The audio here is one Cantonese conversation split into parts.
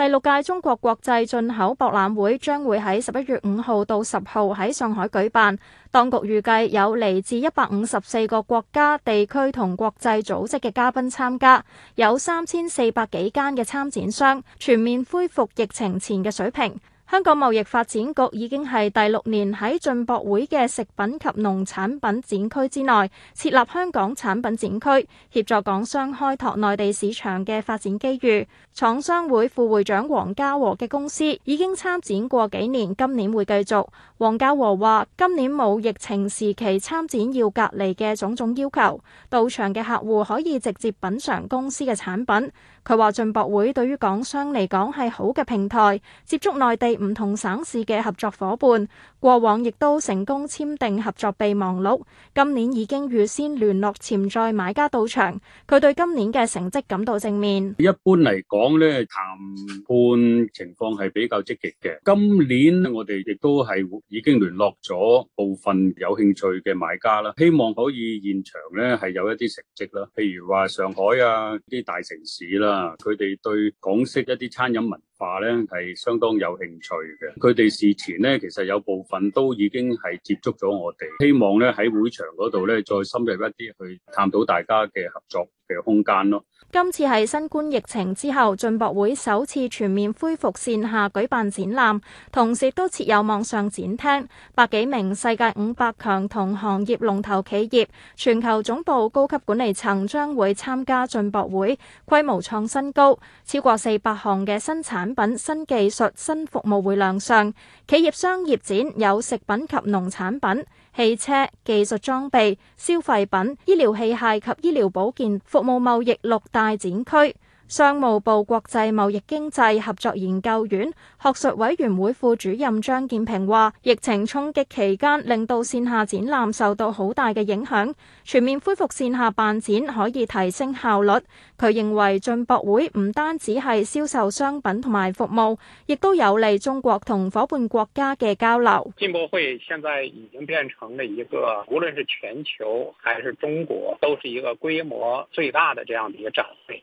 第六屆中國國際進口博覽會將會喺十一月五號到十號喺上海舉辦。當局預計有嚟自一百五十四個國家、地區同國際組織嘅嘉賓參加，有三千四百幾間嘅參展商，全面恢復疫情前嘅水平。香港貿易發展局已經係第六年喺進博會嘅食品及農產品展區之內設立香港產品展區，協助港商開拓內地市場嘅發展機遇。廠商會副會長黃家和嘅公司已經參展過幾年，今年會繼續。黃家和話，今年冇疫情時期參展要隔離嘅種種要求，到場嘅客戶可以直接品嘗公司嘅產品。佢話，進博會對於港商嚟講係好嘅平台，接觸內地。唔同省市嘅合作伙伴，過往亦都成功簽訂合作備忘錄。今年已經預先聯絡潛在買家到場，佢對今年嘅成績感到正面。一般嚟講咧，談判情況係比較積極嘅。今年我哋亦都係已經聯絡咗部分有興趣嘅買家啦，希望可以現場咧係有一啲成績啦。譬如話上海啊啲大城市啦，啊，佢哋對港式一啲餐飲文話咧，係相當有興趣嘅，佢哋事前咧，其實有部分都已經係接觸咗我哋，希望咧喺會場嗰度咧，再深入一啲去探討大家嘅合作。嘅空間咯。今次係新冠疫情之後，進博會首次全面恢復線下舉辦展覽，同時都設有網上展廳。百幾名世界五百強同行業龍頭企業、全球總部高級管理層將會參加進博會，規模創新高，超過四百項嘅新產品、新技術、新服務會亮相。企業商業展有食品及農產品、汽車、技術裝備、消費品、醫療器械及醫療保健服務貿易六大展區。商務部國際貿易經濟合作研究院學術委員會副主任張建平話：疫情衝擊期間令到綫下展覽受到好大嘅影響，全面恢復綫下辦展可以提升效率。佢認為進博會唔單止係銷售商品同埋服務，亦都有利中國同夥伴國家嘅交流。進博會現在已經變成了一個，無論是全球還是中國，都是一個規模最大的這樣的一個展會。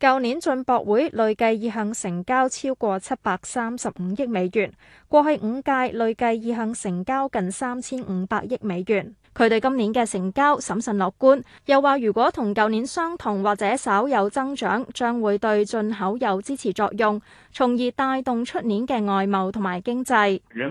舊年進博會累計意向成交超過七百三十五億美元，過去五屆累計意向成交近三千五百億美元。佢對今年嘅成交審慎樂觀，又話如果同舊年相同或者稍有增長，將會對進口有支持作用，從而帶動出年嘅外貿同埋經濟。人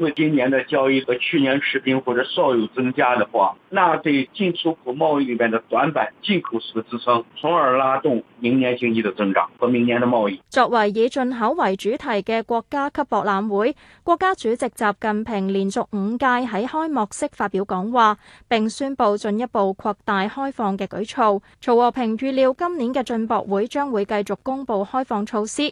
如果今年的交易和去年持平或者稍有增加的話，那對進出口貿易裏面的短板進口是個支撐，從而拉動明年經濟的增長和明年的貿易。作為以進口為主題嘅國家級博覽會，國家主席習近平連續五屆喺開幕式發表講話，並宣布進一步擴大開放嘅舉措。曹和平預料今年嘅進博會將會繼續公布開放措施。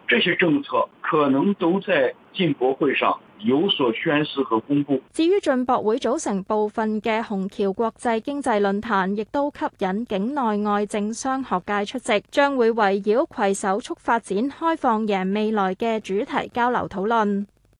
這些政策可能都在進博會上有所宣示和公布。至於進博會組成部分嘅虹橋國際經濟論壇，亦都吸引境內外政商學界出席，將會圍繞攜手促發展、開放贏未來嘅主題交流討論。